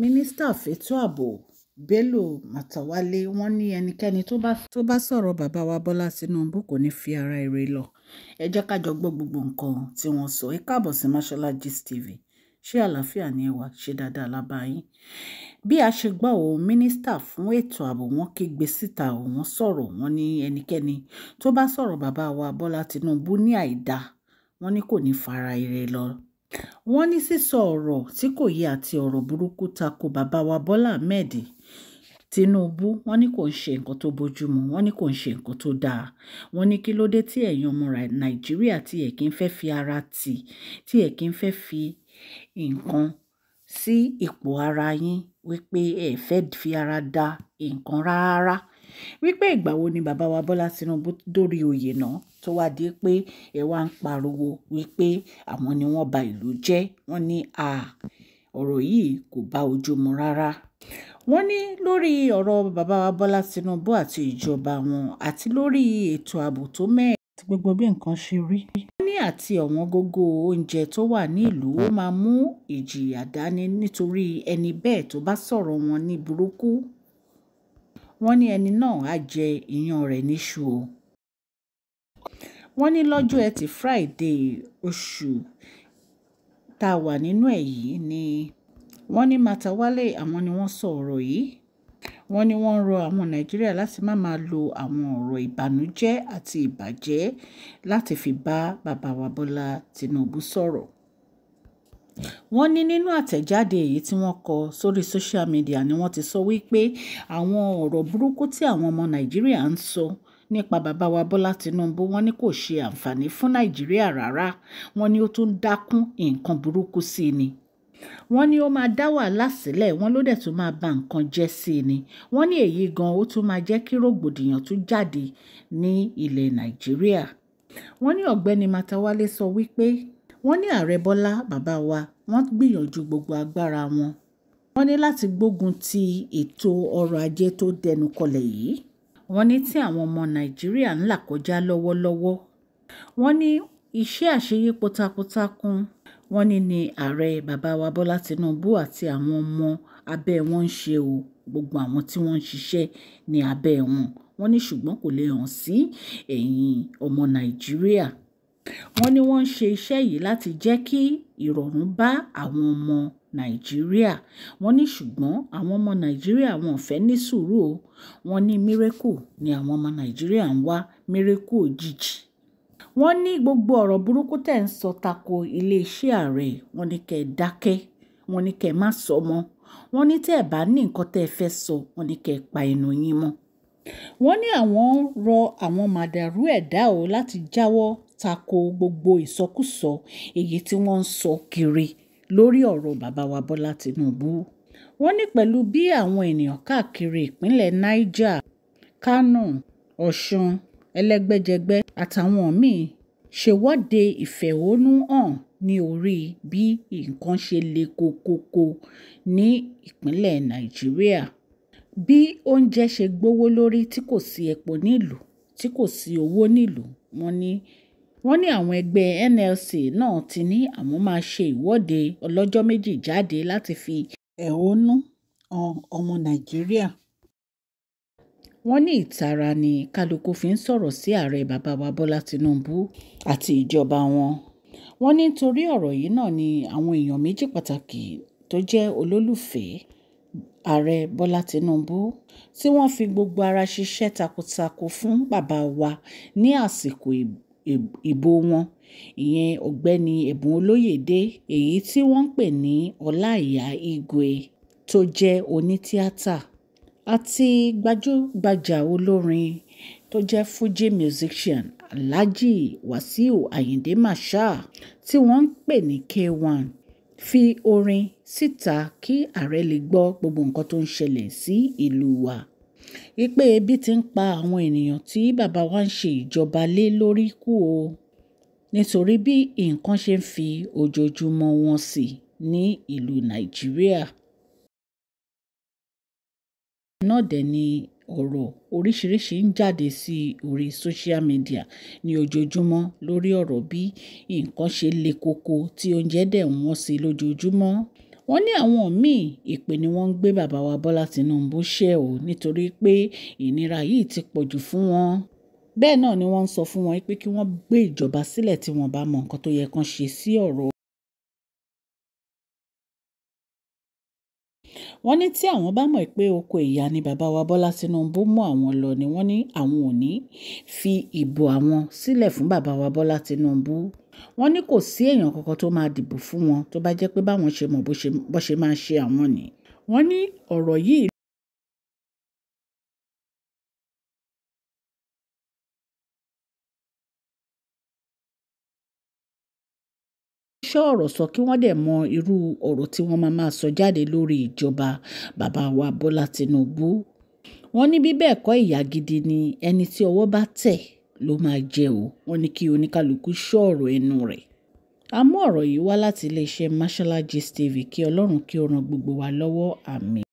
mínísítà fẹ̀tọ́ ààbò bello matawalle wọ́n ní ẹnikẹ́ni tó bá tó bá sọ̀rọ̀ bàbá wa bọ́lá tinubu kò ní fi ara ire lọ ẹ jẹ́ ká jọ gbọ́ gbogbo nǹkan tí wọ́n sọ ẹ káàbọ̀ sí mashola gist tv ṣé àlàáfíà ni ẹ wà ṣe dáadáa lábáyín bí a ṣe gbọ́ òun mínísítà fún ètò ààbò wọn kígbe síta òun sọ̀rọ̀ wọn ní ẹnikẹ́ni tó bá sọ̀rọ̀ bàbá wa bọ́lá tinubu ní àìdá wọn ní kò ní fara ire lọ wọ́n ní sísọ ọ̀rọ̀ tí kò yẹ àti ọ̀rọ̀ burúkú tako bàbá wa bọ́lá ahmed tinubu wọ́n ní kò ń ṣe nǹkan tó bójúmu wọ́n ní kò ń ṣe nǹkan tó dáa wọ́n ní kí ló dé tí ẹ̀yin ọmọ nàìjíríà tí ẹ̀ kí ń fẹ́ fi ara tì tí ẹ̀ kí ń fẹ́ fi nǹkan sí ipò ara yín wípé ẹ̀ fẹ́ fi ara da nǹkan rárá wípé ìgbà wo ni bàbá wa bọ́lá tinubu dórí oyè náà tó wá di pé ẹ wá ń pariwo wípé àwọn ni wọ́n ba ìlú jẹ́ wọ́n ní à ọ̀rọ̀ yìí kò bá ojú mu rárá wọ́n ní lórí ọ̀rọ̀ bàbá wa Bọ́lá Tinubu àti ìjọba wọn àti lórí ètò ààbò tó mẹ́ẹ̀ àti gbogbo bí nǹkan ṣe rí. wọ́n ní àti ọ̀wọ́n gógó oúnjẹ tó wà ní ìlú ó máa mú ìjìyà dání nítorí ẹni bẹ́ẹ̀ tó bá sọ̀rọ̀ wọn ní burúkú. wọ́n ní ẹni náà á jẹ ìyàn rẹ̀ níṣu o wọ́n ní lọ́jọ́ etí Friday oṣù tá a wà nínú ẹ̀ yìí ni wọ́n ní Matawalle àwọn ni wọ́n sọ ọ̀rọ̀ yìí wọ́n ní wọ́n ń rọ àwọn Nàìjíríà láti má máa lo àwọn ọ̀rọ̀ ìbànújẹ́ àti ìbàjẹ́ láti fi bá bàbá wa Bọ́lá Tinubu sọ̀rọ̀ wọ́n ní nínú àtẹ̀jáde èyí tí wọ́n kọ sórí social media ni wọ́n ti sọ wípé àwọn ọ̀rọ̀ burúkú tí àwọn ọmọ Nàìjíríà ń sọ so, nípa bàbá wa Bọ́lá Tinubu wọ́n ní kò ṣe àǹfààní fún Nàìjíríà rárá wọ́n ní ó tún dákún nǹkan burúkú sí i ni wọ́n ní ó máa dá wàhálà sílẹ̀ wọ́n ló dẹ̀ tún máa ba nǹkan jẹ́ sí i ni wọ́n ní èyí gan ó tún máa jẹ́ kí rògbòdìyàn tún jáde ní ilẹ̀ Nàìjíríà wọ́n ní ọ̀gbẹ́ni Matawale sọ wípé wọ́n ní ààrẹ Bọ́lá bàbá wa wọ́n gbìyànjú gbogbo agbára wọn wọ́n ní láti gbógun ti ètò ọrọ̀ ajé tó dẹnu kọlẹ̀ yìí wọ́n ní tí àwọn ọmọ nàìjíríà ń là kọjá lọ́wọ́lọ́wọ́ wọ́n ní iṣẹ́ àṣeyé takuntakun wọ́n ní ni ààrẹ bàbá wa bọ́lá tinubu àti àwọn ọmọ abẹ́ wọn ń ṣe o gbogbo àwọn tí wọ́n ń ṣiṣẹ́ ní abẹ́ wọn wọ́n ní ṣùgbọ́n kò lè hàn sí ẹ̀yìn ọmọ nàìjíríà wọ́n ní wọ́n ń ṣe iṣẹ́ yìí láti jẹ́ kí ìrọ̀rùn bá àwọn ọmọ nàìjíríà wọ́n ní ṣùgbọ́n àwọn ọmọ nàìjíríà wọn ò fẹ́ ní sùúrù o wọ́n ní mírèkù ni àwọn ọmọ nàìjíríà ń wá mírèkù òjijì wọ́n ní gbogbo ọ̀rọ̀ burúkú tẹ̀ ń sọ tako iléeṣẹ́ ààrẹ wọ́n ní kẹ́ ẹ dákẹ́ wọ́n ní kẹ́ ẹ má sọ mọ́ wọ́n ní tẹ́ ẹ bá ní nǹkan tẹ́ ẹ fẹ́ sọ wọ́n ní kẹ́ ẹ pa ẹnu yín mọ́ wọ́n ní àwọn ń rọ àwọn màdàrú ẹ̀dá o láti jáwọ́ tako gbogbo ìsọkúsọ èyí tí wọ́n ń sọ kiri lórí ọ̀rọ̀ bàbá wa Bọ́lá Tinubu wọ́n ní pẹ̀lú bí àwọn ènìyàn káàkiri ìpínlẹ̀ Niger Kano Ọ̀ṣun ẹlẹ́gbẹ́jẹgbẹ́ àtàwọn míì ṣèwọ́de ìfẹ̀hónúhàn ní orí bí nǹkan ṣe le koko ní ìpínlẹ̀ Nàìjíríà bí oúnjẹ ṣe gbówó lórí tí kò sí epo nílùú tí kò sí owó nílùú wọ́n ní wọ́n ní àwọn ẹgbẹ́ NLC náà ti ní àwọn máa ṣe ìwọ́de ọlọ́jọ́ méjì jáde láti fi ẹ̀hónú han ọmọ Nàìjíríà. Wọ́n ní ìtara ni kálukú fi ń sọ̀rọ̀ sí ààrẹ bàbá wa Bọ́lá Tinubu àti ìjọba wọn. Wọ́n ní torí ọ̀rọ̀ yìí náà ni àwọn èèyàn méjì pàtàkì tó jẹ́ olólùfẹ́ ààrẹ bọ́lá tínúbù tí wọ́n fi gbogbo ara ṣiṣẹ́ takuntakun fún bàbá wa ní àsìkò ìbò wọn ìyẹn ọ̀gbẹ́ni ẹ̀bùn olóyèdè èyí tí wọ́n ń pè ní ọláìyá igwe tó jẹ́ onítíátà àti gbajúgbajà olórin tó jẹ́ fuji musician alhaji wasiu ayinde masha. tí wọ́n ń pè ní k1 fi orin síta kí ààrẹ lè gbọ́ gbogbo nǹkan tó ń ṣẹlẹ̀ sí ìlú wa wípé ebi ti ń pa àwọn ènìyàn tí bàbá wa ń ṣe ìjọba lé lórí kú o nítorí bí nǹkan ṣe ń fi ojoojúmọ́ wọn sí ní ìlú nàìjíríà. náà dẹ̀ ni ọ̀rọ̀ oríṣiríṣi ń jáde sí orí social media ní ojoojúmọ́ lórí ọ̀rọ̀ bí nǹkan ṣe le koko tí oúnjẹ dẹ̀ ń wọ́n sí lójoojúmọ́ wọ́n ní àwọn míì èpè ni wọ́n ń gbé bàbá wa Bọ́lá Tinubu ṣẹ́ o nítorí pé ìnira yìí ti pọ̀jù fún wọn bẹ́ẹ̀ náà ni wọ́n ń sọ fún wọn pé kí wọ́n gbé ìjọba sílẹ̀ tí wọ́n bá mọ nǹkan tó yẹ kán ṣe sí ọ̀rọ̀ wọ́n ní tí àwọn bá mọ̀ pé oko ìyá ni bàbá wa bọ́lá tinubu mú àwọn lọ ni wọ́n ní àwọn ò ní fi ìbò àwọn sílẹ̀ fún bàbá wa bọ́lá tinubu wọ́n ní kò sí èèyàn kankan tó máa dìbò fún wọn tó bá jẹ́ pé báwọn ṣe mọ̀ bó ṣe máa ṣe àwọn ni wọ́n ní ọ̀rọ̀ yìí ṣọ́ ọ̀rọ̀ sọ kí wọ́n dẹ̀ mọ irú ọ̀rọ̀ tí wọ́n máa máa sọ jáde lórí ìjọba bàbá wa Bọ́lá Tinubu. Wọ́n ní bí bẹ́ẹ̀ kọ́ ìyà gidi ni ẹni tí ọwọ́ bá tẹ̀ ló máa jẹ o. Wọ́n ní kí oníkálukú ṣọ́ ọ̀rọ̀ ẹnu rẹ̀. A mú ọ̀rọ̀ yìí wá láti iléeṣẹ́ Mashola Gist kí Ọlọ́run kí ó ran gbogbo wa lọ́wọ́ àmín.